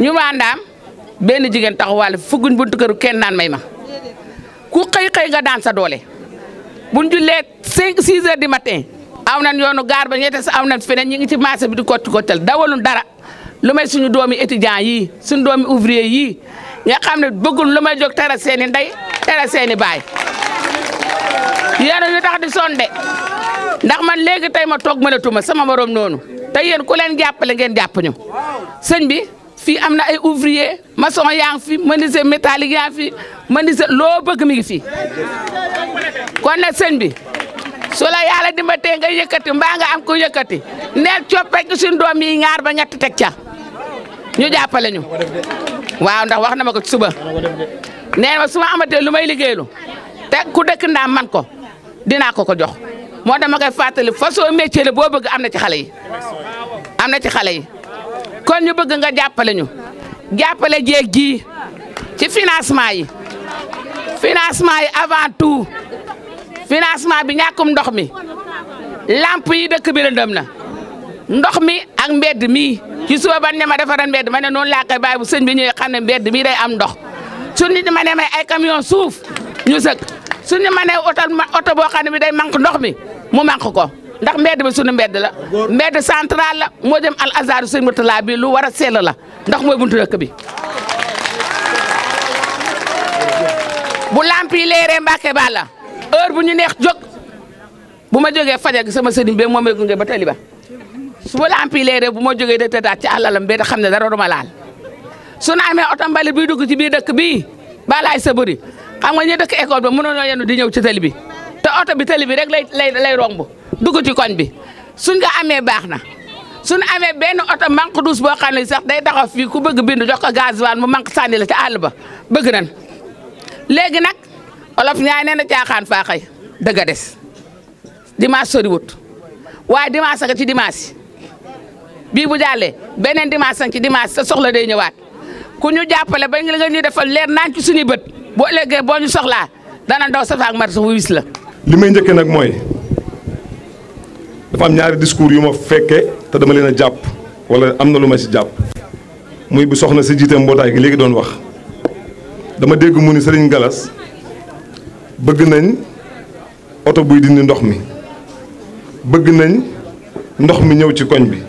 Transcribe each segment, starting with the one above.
ñu maandaam benn jigéen taxawaale fugguñ buntu këru kenn naan may ma ku xëy xëy nga daan sa doole buñ jullee cinq six heures ma matin aw nañ yoonu gaar ba ñetti sa aw nañ feneen ñi ngi ci marché bi di kotti kottal dawalun dara lu may suñu doomi étudiant yii suñu doomi ouvrier yii nga xam ne bëggul lu may jóg tere seeni ndey tere seeni baay yéen ñu tax di sonde ndax man léegi tey ma toog mënatuma sama morom noonu te yéen ku leen jàppale ngeen jàpp ñu bi fii am na ay ouvrier maçon yaa ngi fi menuisier métallique yaa ngi fi menuisier loo bëgg mi ngi fi kon nag sëñ bi su la yàlla dimba tee nga yëkkati mbaa nga am ko yëkkati neel coppeki suñu doom yi ñaar ba ñetti teg ca ñu jàppale ñu waaw ndax wax na ma ko suba nee ma su ma amatee lu may liggéeylu te ku dëkk ndaam man ko dinaa ko ko jox moo dama koy fàttali façon métier la boo bëgg am na ci xale yi am na ci xale yi kon ñu bëgg nga jàppale ñu jàppale jeeg ji ci financement yi financement yi avant tout financement bi ñàkkum ndox mi lamp yi dëkk bi lëndëm na ndox mi ak mbedd mii ci suba ban ne ma defaral mbedd ma ne noonu laa baay bu sëñ bi ñëwee xam ne mbedd mii day am ndox su nit ma ne may ay camion suuf ñu sëkk su ñu ma ne oto boo xam ne bi day manque ndox mi mu manque ko ndax mbedd bi suñu mbedd la mbedd central la moo dem al azar sëñ Murtala bi lu war a sell la ndax mooy buntu dëkk bi bu lamp yi leeree Mbàkke ba la heure bu ñu neex jóg bu ma jógee fajar gi sama sëriñ bi moom may ba tali ba su ma lamp yi leeree bu ma jógee da tëddaat ci àllalam bee da xam ne dara du ma laal su ñu amee oto mbalit biy dugg ci biir dëkk bii balaay sa bëri xam nga ñu dëkk école ba mënoonoo yenu di ñëw ci tali bi te oto bi tali bi rek lay lay lay romb dugg ci koñ bi suñ ko amee baax na suñ amee benn oto manque douce boo xam sax day taxaw fii ku bëgg bindu jox ko gasoil mu manque sànni la ci àll ba bëgg nañ léegi nag olof ñaay nee na caaxaan faa xëy dëgg a des dimanche soriwut waaye dimanche nga ci dimanche bii bu jàllee beneen dimanche nga ci dimanche sa soxla day ñëwaat ku ñu jàppale ba nga ñuy defal leer naan ci suñuy bët boo ëllëgee boo ñu soxlaa dana ndaw safaak mar sax wis la li nag mooy dafa am ñaari discours yu ma fekkee te dama leen a jàpp wala am na lu ma ci jàpp muy bi soxna si jiite mbootaay gi léegi doon wax dama dégg mu ni Serigne Galas bëgg nañ oto buy dindi ndox mi bëgg nañ ndox mi ñëw ci koñ bi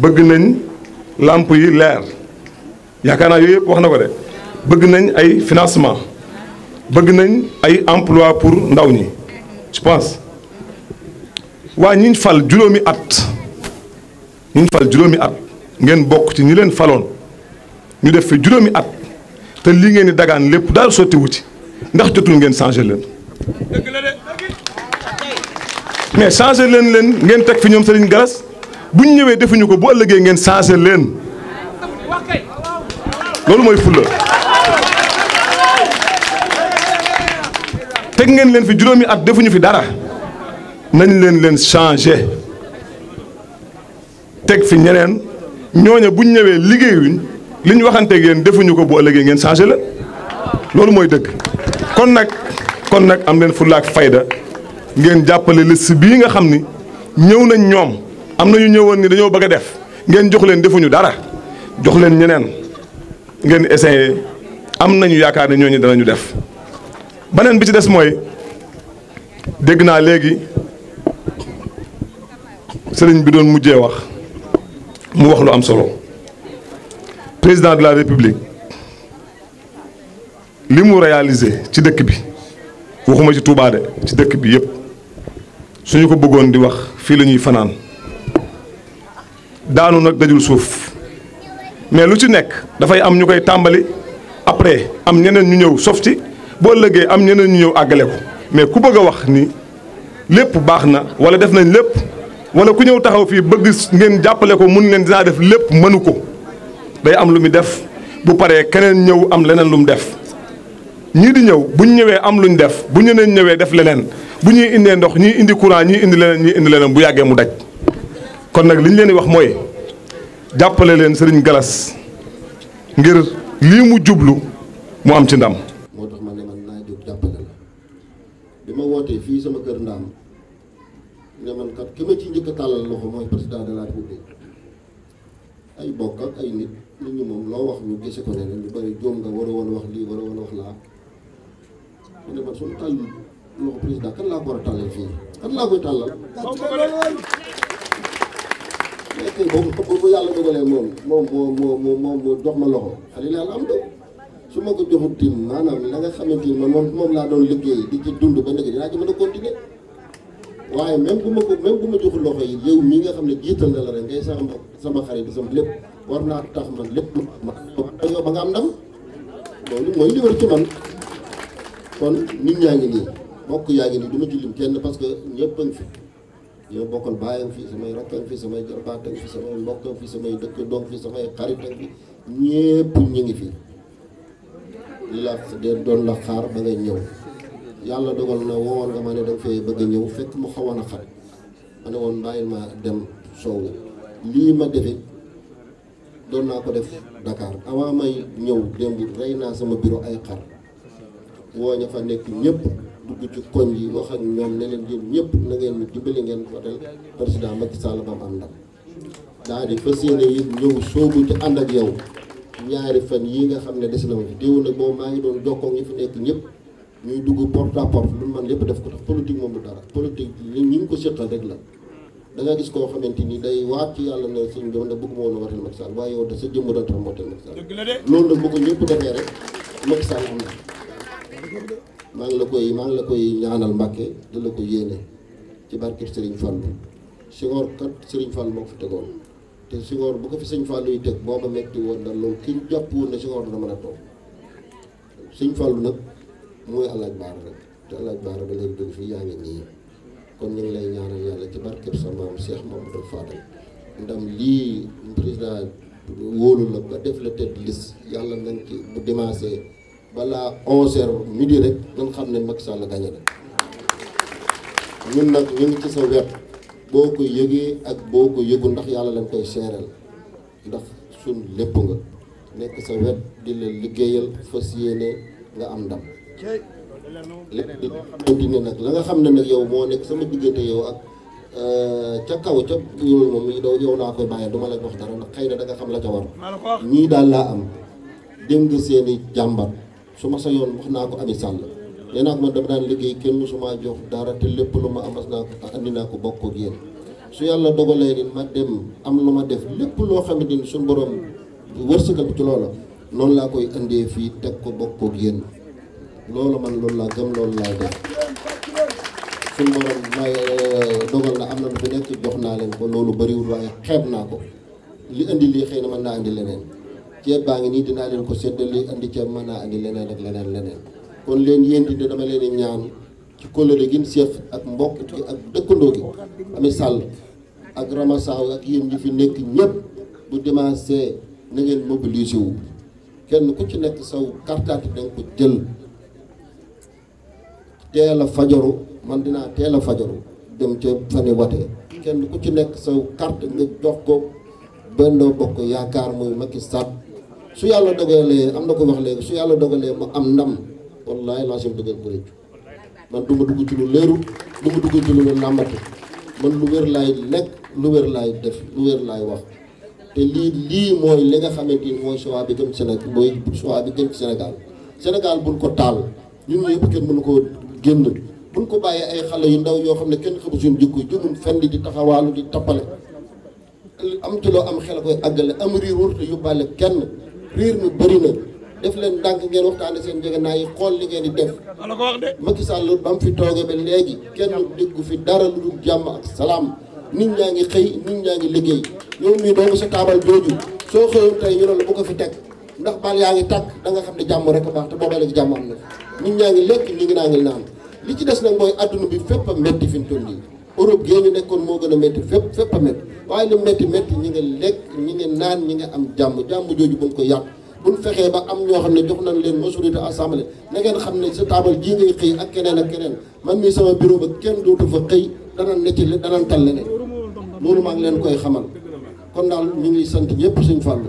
bëgg nañ làmp yi leer yaakaar naa yooyu yëpp wax na ko de bëgg nañ ay financement bëgg nañ ay emploi pour ndaw ñi je waa ñiñ fal juróomi at ñiñ fal juróomi at ngeen bokk ci ñi leen faloon ñu def fi juróomi at te lii ngeen di dagaan lépp daal sotti ci ndax jotul ngeen changé leen. mais changé leen leen ngeen teg fi ñoom Serigne Galas bu ñu ñëwee defuñu ko bu ëllëgee ngeen changé leen loolu mooy fulla teg ngeen leen fi juróomi at defuñu fi dara. nañ leen leen changé teg fi ñeneen ñooña buñ ñëwee liggéeyuñ li ñu waxanteeg yéen defuñu ko bu ëllëgee ngeen changé la loolu mooy dëgg kon nag kon nag am leen fulla ak fayda ngeen jàppale liste bii nga xam ni ñëw nañ ñoom am na ñu ñëwoon ni dañoo bëgg a def ngeen jox leen defuñu dara jox leen ñeneen ngeen essayé am nañu yaakaar ne ñooñu danañu def beneen bi ci des mooy dégg naa léegi. sëriñ bi doon mujjee wax mu wax lu am solo président de la république li mu réalisé ci dëkk bi waxuma ci Touba ci dëkk bi yëpp suñu ko bëggoon di wax fii la ñuy fanaan daanu nag dajul suuf mais lu ci nekk dafay am ñu koy tàmbali après am ñeneen ñu ñëw sof boo ëllëgee am ñeneen ñu ñëw àggale ko mais ku bëgg a wax ni lépp baax na wala def nañ lépp. wala ku ñëw taxaw fii bëgg ngeen jàppale ko mun leen dinaa def lépp mënu ko day am lu mu def bu paree keneen ñëw am leneen lu mu def ñii di ñëw bu ñu ñëwee am lu ñu def bu ñu leen ñëwee def leneen bu ñuy indee ndox ñii indi courant ñii indi leneen ñii indi leneen bu yàggee mu daj kon nag li ñu leen di wax mooy jàppale leen sëriñ Galas ngir lii mu jublu mu am ci ndam. moo tax ma ne man ma wootee fii sama kër ndam ne man kat ki ma ci njëkk a tàllal loxo mooy président de la ay bokk ak ay nit nit ñi moom loo wax ñu gise ko ne ne lu bari jóom nga war a woon wax lii war a woon wax laa a tàllal fii kan laa koy tàllal moo moo moo moo jox ma loxo xale yàlla am do su ma ko joxut tim maanaam la nga xamante moom laa doon liggéey di ci dund ba léegi dinaa ci mën continuer waaye même bu ma ko même bu ma joxul loxo yi yow mii nga xam ne jiital na la rek ngay sama sama xarit sama lépp war naa tax man lépp ma yow ba nga am ndam loolu mooy li war ci man kon nit ñaa ngi nii bokk yaa ngi nii du ma ci lim kenn parce que ñëpp a fi yow bokkal baay a ngi fi samay rakk a ngi fi samay jarbaat fi samay mbokk a ngi fi samay dëkk doom fi samay xarit a ngi fi ñëpp ñu ngi fi li la doon la xaar ba ngay ñëw yàlla dogal na woowoon nga ma ne danga bëgg a ñëw fekk mu xawoon a xat ma ne woon bàyyil ma dem soow lii ma defe doon naa ko def dakaar avant may ñëw démb rey naa sama bureau ay xar woo ña nekk ñëpp dugg ci koñ yi wax ak ñoom leen yéen ñëpp na ngeen dimbali ngeen votel président Macky Sall ba mu am ndam daa di fas yéene yi ñëw soogu ci ànd ak yow ñaari fan yi nga xam ne des na ma fi boobu maa ngi doon jokkoo ñi fi nekk ñëpp ñuy dugg porte à porte lu man lépp def ko tax politique moom lu dara politique ñi ngi ko seqal rek la da gis koo xamante ni day waat ci yàlla ne sëñ bi man de bëgguma woon a wateel Macky Sall waaye yow de sa jëmm doon tax moo teel Macky Sall loolu nag bu ko ñëpp defee rek Macky Sall am na maa ngi la koy maa ngi la koy ñaanal Mbàkke di la ko yéene ci barke Serigne Fallou Senghor kat Serigne Fallou moo ko fi tegoon te Senghor bu ko fi Serigne Fallou yi teg booba metti woon na ki jàpp woon ne Senghor dana mën a mooy alaaj baara te alaaj baara ba léegi duñ fi yaa ngi nii kon ñu ngi lay ñaanal yàlla ci barkeb sa maam Cheikh Mamadou Fadal ndam lii président wóolu la ba def la tête liste yàlla nañ ci bu dimanche balaa onze heures midi rek nañ xam ne Macky Sall gañe la ngi ci sa wet boo ko yëgee ak boo ko yëgu ndax yàlla lañ koy seeral ndax suñ lépp nga nekk sa wet di la liggéeyal fas yéene nga am ndam indi ne nag la nga xam ne nag yow moo nekk sama diggante yow ak euh, ca kaw ca yooyu moom yi daw yow laa koy bàyyee du ma wax dara ndax xëy na da nga la ca war ñii daal laa am dégg nga seen i jàmbar ma sa yoon wax naa ko Ami Sall nee naa ko man dama daan liggéey kenn musuma jox dara te lépp lu ma amas naa ko andi naa ko bokk ak yéen su yàlla dogalee ni ma dem am lu ma def lépp loo xamante ni suñu borom wërsëgal ci loola noonu laa koy andee fii teg ko bokk ak yéen loolu man loolu laa gëm loolu laay def suñu borom may eh, dogal na am na lu fi nekk jox naa leen ko loolu bëriwul waaye xeeb naa ko li indi lii xëy na mën naa indi leneen ceeb baa ngi nii dinaa leen ko séddale indi ceeb mën naa indi leneen ak leneen leneen kon leen yéen di dama leen ñaan ci kóllëre gi seef ak mbokk gi ak dëkkandoo gi Ami Sall ak Rama ak yéen ñi fi nekk ñëpp bu dimanche na ngeen mobiliser kenn ku ci nekk saw carte danga ko teel a man dinaa teel a fajaru dem ca fani watee kenn ku ci nekk sa carte nga jox ko Benno Bokk Yaakaar muy Macky Sall su yàlla dogalee am na ko wax léegi su yàlla dogalee mu am ndam wallaahi laa si dëggal ko réccu man du ma ci lu leeru du ma ci lu làmbatu man lu wér laay lekk lu wér laay def lu wér laay wax te lii lii mooy li nga xamante ni mooy choix bi gëm Sénégal mooy choix bi gëm Sénégal Sénégal buñ ko taal ñun ñëpp kenn mënu ko génn buñ ko bàyyee ay xale yu ndaw yoo xam ne kenn xamu suñu jikko jumum fenn di taxawaalu di tappale am ci loo am xel koy àggale am riir warut a yóbbaale kenn riir mi bëri na def leen dànk ngeen waxtaane seen jegenaay yi xool li ngeen di def Macky Sall ba mu fi tooge ba léegi kenn déggu fi dara lu jàmm ak salaam nit ñaa ngi xëy nit ñaa ngi liggéey yow mii doomu sa taabal jooju soo xëyoon tey ñu ne bu ko fi teg ndax baal yaa ngi tàkk da nga xam ne jàmm rek baax te booba léegi na nit ñaa ngi lekk ñu ngi naa ngi naan li ci des na mooy adduna bi fépp a métti fi mu toll nii Europe gee ñu nekkoon moo gën a métti fépp fépp a métti waaye lu métti métti ñi nga lekk ñi nga naan ñi nga am jàmm jàmm jooju bu ñu ko yàq bu ñu fexee ba am ñoo xam ne jox nañ leen majorité a na ngeen xam ne sa taabal jii ngay xëy ak keneen ak keneen man mii sama bureau ba kenn dootu fa xëy danañ ne ci danañ tal ne loolu maa ngi leen koy xamal kon daal ñu ngi sant ñëpp suñu fàll.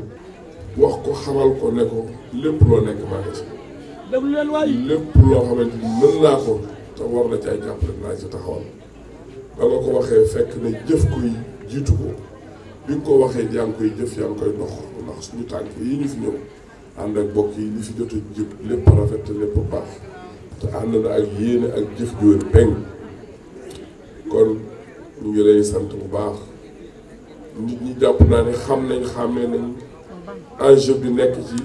wax ko xamal ko ne ko lépp déglu lépp loo xamante ni mën naa ko te war na ci ay jàpp rek naa ci taxawal ba nga ko waxee fekk ne jëf koy jiitu ko bi nga ko waxee yaa ngi koy jëf yaa ngi koy dox ndax suñu tànk yi ñu fi ñëw ànd ak bokk yi ñu fi jot a jëf lépp rafet te lépp baax te ànd na ak yéene ak jëf ju wér kon ngi lay sant bu baax nit ñi jàpp naa ni xam nañ xàmmee nañ enjeu bi nekk ci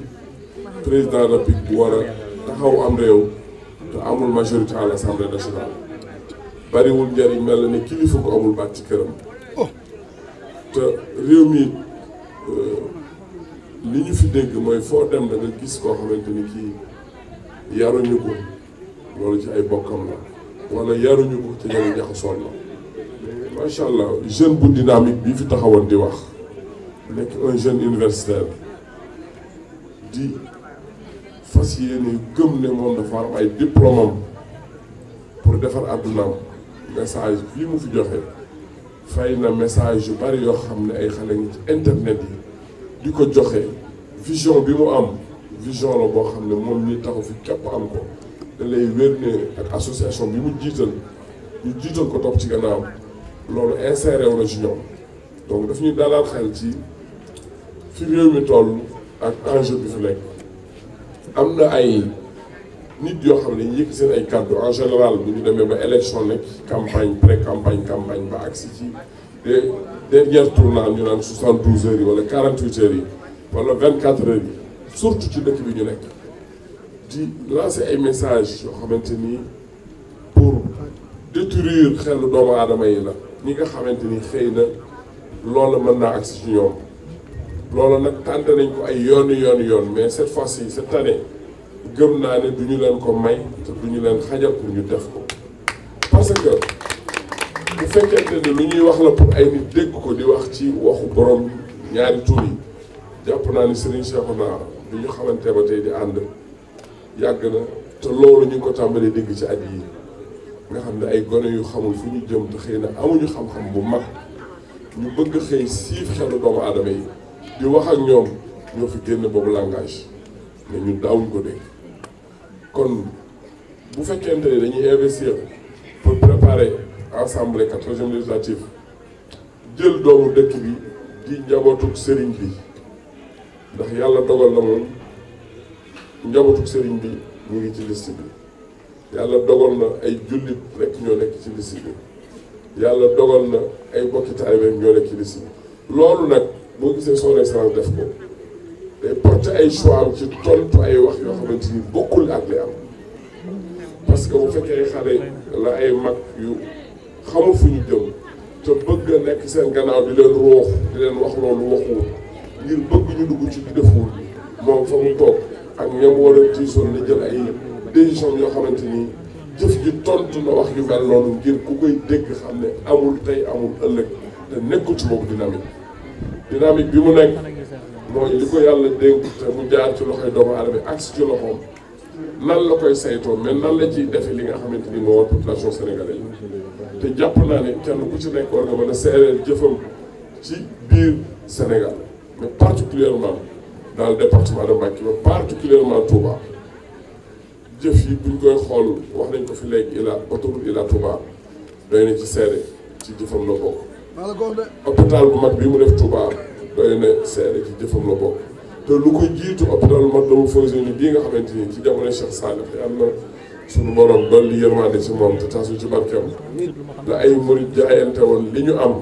président de la République bu war a taxaw am réew te amul majorité à l'Assemblée nationale bariwul njëriñ mel na ni kilifa ko amul baat ci këram oh. te réew mi euh, li ñu fi dégg mooy foo dem danga gis koo xamante ni kii yaruñu ko loolu ci ay bokkam la wala yaruñu ko te ñoom jaxasoon la macha allah jeune bu dynamique bi fi taxawoon di wax nekk un jeune universitaire di. fas yéene gëm ne moom dafa war am ay diplôme pour defar àddunaam message yi mu fi joxe fay na message yu bari yoo xam ne ay xale ngi ci internet yi di ko joxe vision bi mu am vision la boo xam ne moom ñi taxu fi képp am ko da lay wér ne ak association bi mu jiital ñu jiital ko topp ci gannaaw loolu inséré wu na donc daf ñuy dalal xel ci fi réew mi toll ak enjeu bi fi nekk am na ay nit yoo xam ne yëkk seen ay kàddu en général bu ñu demee ba élection nekk campagne pré campagne campagne ba agsi ci de dernière tournant ñu naan 72 heures yi wala 48 heures yi wala 24 heures yi surtout ci dëkk bi ñu nekk di lancer ay message yoo xamante ni pour détruire xelu doomu aadama yi la ñi nga xamante ni xëy na loola mën naa agsi ci ñoom. loolu nag tenté nañ ko ay yoon yoon yoon mais cette fois yi cette année gëm naa ne du ñu leen ko may te du ñu leen xajal pour ñu def ko parce que bu fekkente ne lu ñuy wax la pour ay nit dégg ko di wax ci waxu borom ñaari tur yi jàpp naa ni Serigne Cheikhouna bi ñu xamante ba tey di ànd yàgg na te loolu ñu ko tàmbalee dégg ci at yi nga xam ne ay gone yu xamul fu ñu jëm te xëy na amuñu xam-xam bu mag ñu bëgg xëy siif xelu doomu aadama yi di wax ak ñoom ñoo fi génn boobu langage mais ñun daawuñ ko kon bu fekkente ne dañuy investir pour préparer assemblée quatorzième législative jël doomu dëkk bi di njabootuk sëriñ bi ndax yàlla dogal na moom njabootuk sëriñ bi ñu ngi ci liste yàlla dogal na ay jullit rek ñoo nekk ci liste bi yàlla dogal na ay bokki taalibe ñoo nekk ci liste bi loolu nag boo gisee son excellence def ko day porte ay choix ci tontu ay wax yoo xamante ni bokkul ak li am parce que bu fekkee ay xale la ay mag yu xamu fu ñu jëm te bëgg a nekk seen gannaaw di leen roox di leen wax loolu waxuwul ngir bëgg ñu dugg ci di deful moom fa mu toog ak ñam war a tiisoon li jël ay décision yoo xamante ni jëf ji tontu na wax yu mel noonu ngir ku koy dégg xam ne amul tey amul ëllëg te nekkul ci boobu dynamique dynamique bi mu nekk mooy li ko yàlla dénk te mu jaar ci loxoy doomu aadama ak ci loxoom nan la koy saytoo mais nan la ciy defe li nga xamante ni moo war population sénégalaise te jàpp naa ne kenn ku ci nekk war nga mën a seereel jëfam ci biir Sénégal mais particulièrement dans le département de Mbacké mais particulièrement Touba jëf yi buñ koy xool wax nañ ko fi léegi Ila autoroute Ila Touba doy na ci seere ci jëfam la bokk hôpital bu mag bi mu def Touba doy na seere ci jëfam la bokk te lu ko jiitu hôpital mag la mu faussé ni bii nga xamante ni ci jamono Cheikh Salif yàlla na suñu borom dolli yërmande ci moom te tasu ci barkeem la ay murit jaayante woon li ñu am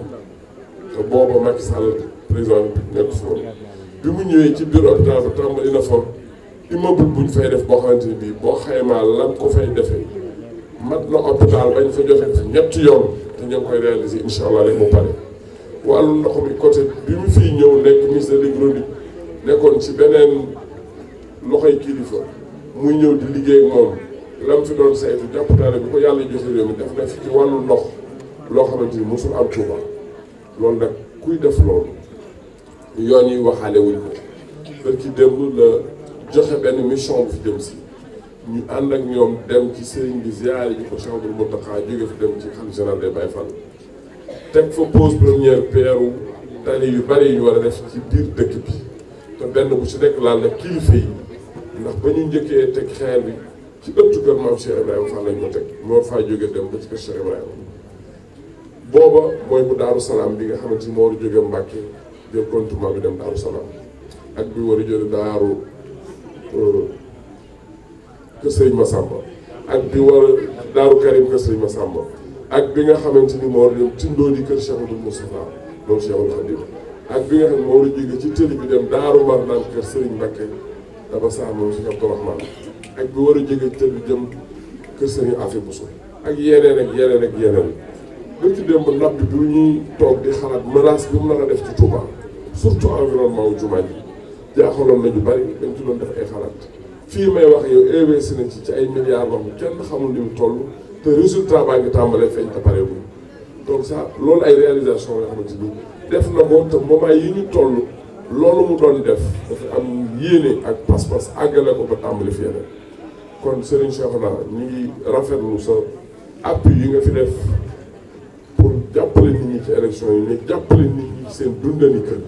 te booba Macky Sall président nekk foofu bi mu ñëwee ci biir hôpital ba tàmbali na fa fay def boo ni bii boo xaymaa lan ko fay defee mat na hôpital bañ fa joxe ñetti yoon. ñoo ngi koy réaliser incha allah rek mu pare wàllu ndox mi côté bi mu fii ñëw nekk ministre de l'hydraulique nekkoon si beneen loxoy kilifa muy ñëw di liggéey ak moom lam fi doon saytu jàpp naa ne ko yàlla joxe réew mi def na fi ci wàllu ndox loo xamante ni mosul am Touba loolu nag kuy def loolu yoon yi waxaale wuñ ko bërki démb la joxe benn mission bu fi jëm si ñu ànd ak ñoom dem ci sëriñ bi ziare ji ko Cheikhoul Mountakha jóge fi dem ci xalifa général des Baye Fall teg fa pose première pierre tali yu bari yu war a def ci biir dëkk bi te benn bu si rek laal na kilifa yi ndax ba ñu njëkkee teg xeer bi ci ëttu kër maam Cheikh Ibrahima Fall lañ ko teg moo faa jóge dem ba ci kër Cheikh Ibrahima booba mooy bu Daaru Salaam bi nga xamante ni moo war a jóge Mbàkke bi dem Daaru Salaam ak bi war a jóge Daaru euh, kër Serigne Massamba ak bi war a Daaru Karim kër Serigne Massamba ak bi nga xamante ni moo dem tindoo di kër Cheikh Abdoul Moustapha moom Cheikhul Khadim ak bi nga xam ne moo la jóge ci tëli bi dem Daaru Mar naan kër Serigne Mbacké daba sax moom Cheikh Abdoul Rahman ak bi war a jóge ci tëli bi dem kër Serigne Afia Bousso ak yeneen ak yeneen ak yeneen dañ ci dem ba napp bi bu ñuy toog di xalaat menace bi mu nar a def ci Touba surtout environnement wu jumaa ji jaaxaloon nañu bari dañ ci doon def ay xalaat fii may wax yow investi nañ ci ci ay milliards wax kenn xamul ni mu toll te résultat baa ngi tàmbalee feeñ te pareegul donc ça loolu ay réalisation yoo xamante ni def na ko te moment yi ñu toll loolu mu doon def dafa am yéene ak pas-pas àggale ko ba tàmbali fi yeneen kon Serigne Cheikhouna ñu ngi mu sa appui yi nga fi def pour jàppale nit ñi ci élection yi mais jàppale nit ñi ci seen dundani kër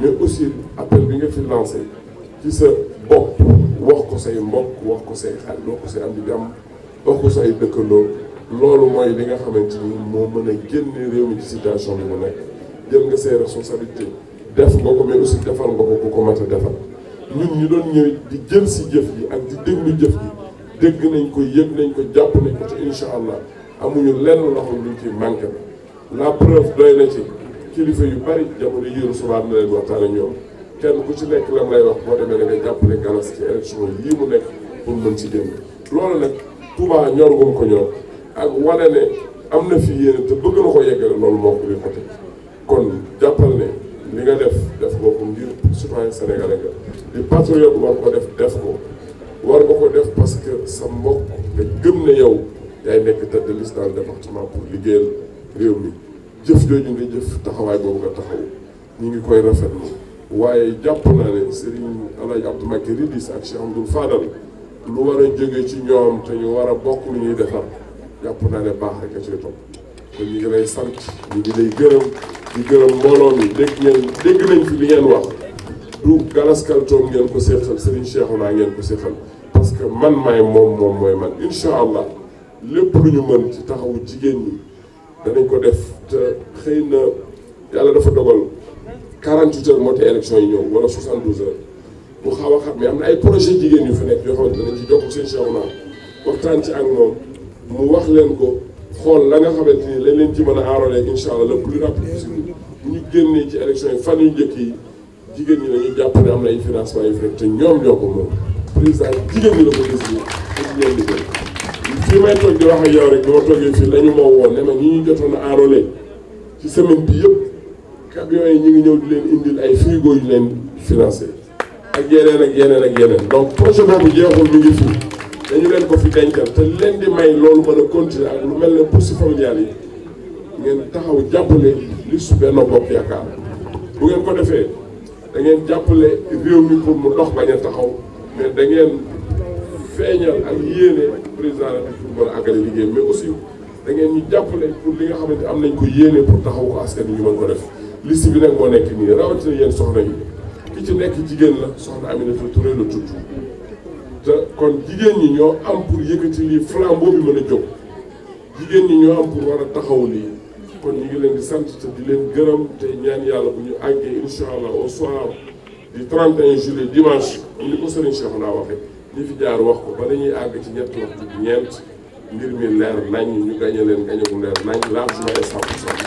mais aussi appel bi nga fi lancé ci sa bopp. wax ko say mbokk wax ko say xarit wax ko say am di jàmm wax ko say dëkkandoo loolu mooy li nga xamante ni moo mën a génne réew mi ci situation bi mu nekk jël nga say responsabilité def nga ko mais aussi defal nga ko ku ko mat a defal ñu doon ñëw di jël si jëf ji ak di déglu jëf ji dégg nañ ko yëg nañ ko jàpp nañ ko ci incha allah amuñu lenn loxo luñ ci manqué la preuve doy na ci kilifa yu bari jamono yëru subaat na leen waxtaan ak ñoom kenn ku ci nekk lam lay wax boo demee da ngay jàppale galas ci élection yii mu nekk pour mën ci génn loolu nag Touba ñor gum ko ñor ak wane ne am na fi yéene te bëgg na ko yeggale loolu moo ko di kon jàppal ne li nga def def ko ko ngir citoyen sénégalais nga di ko def def ko war nga ko def parce que sa mbokk te gëm ne yow yaay nekk tête de liste dans le département réew mi jëf jooju nga jëf taxawaay boobu nga taxaw ñu ngi koy rafetlu waaye jàpp naa ne Serigne Alaaji Abdou Mbacké Ridis ak Cheikh Amadou Fadal lu war a jóge ci ñoom te ñu war a bokk lu ñuy defar jàpp na ne baax rek a cay topp kon ñu ngi lay sant ñu ngi lay gërëm di gërëm mbooloo mi dégg ngeen dégg nañ fi li ngeen wax du galaskaltoom ngeen ko seexal Serigne Cheikhouna ngeen ko seexal parce que man maay moom moom mooy man incha allah lépp lu ñu mën ci taxawu jigéen ñi danañ ko def te xëy na yàlla dafa dogal. 48 heures moo tee élection yi ñëw wala 72 heures bu xaw a xam mais am na ay projet jigéen yu fi nekk yoo xamante danañ ci jokk seen Cheikhouna waxtaan ci ak moom mu wax leen ko xool la nga xamante ni lañ leen ci mën a enrôler incha allah le plus ñu génnee ci élection yi fan yu njëkk jigéen ñi dañuy jàpp ne am na ay financement yu fi nekk te ñoom ñoo ko moom président jigéen ñi la ko gis nii dañ leen liggéey fii may toog wax ak yow rek bi ma toogee fii la ñu moo woon ne ma ñu jotoon a enrôler ci semaine bi yëpp camions yi ñu ngi ñëw di leen indil ay frigo yu leen financé ak yeneen ak yeneen ak yeneen donc projet boobu jeexul mi ngi fi dañu leen ko fi dencal te leen di may loolu mën a continuer ak lu mel ne bourses familiales yi ngeen taxaw jàppale li su Benno Bokk Yaakaar bu ngeen ko defee da ngeen jàppale réew mi pour mu dox bañ a taxaw mais da ngeen feeñal ak yéene président la pour mën a àggale liggéey mais aussi da ngeen ñu jàppale pour li nga xamante am nañ ko yéene taxaw ko askan wi ñu ko def liste bi nag moo nekk nii rawatina yéen soxna yi ki ci nekk jigéen la soxna Aminata Touré la tudd te kon jigéen ñi ñoo am pour yëkkati lii flambeau bi mën a jóg jigéen ñi ñoo am pour war a taxaw lii kon ñu ngi leen di sant te di leen gërëm te ñaan yàlla bu ñu àggee incha allah au soir du 31 juillet dimanche am ni ko sëriñ Cheikh naa waxee ñi fi jaar wax ko ba ñuy àgg ci ñetti waxtu bi ñeent mbir mi leer nañ ñu gañe leen gañe bu leer nañ largement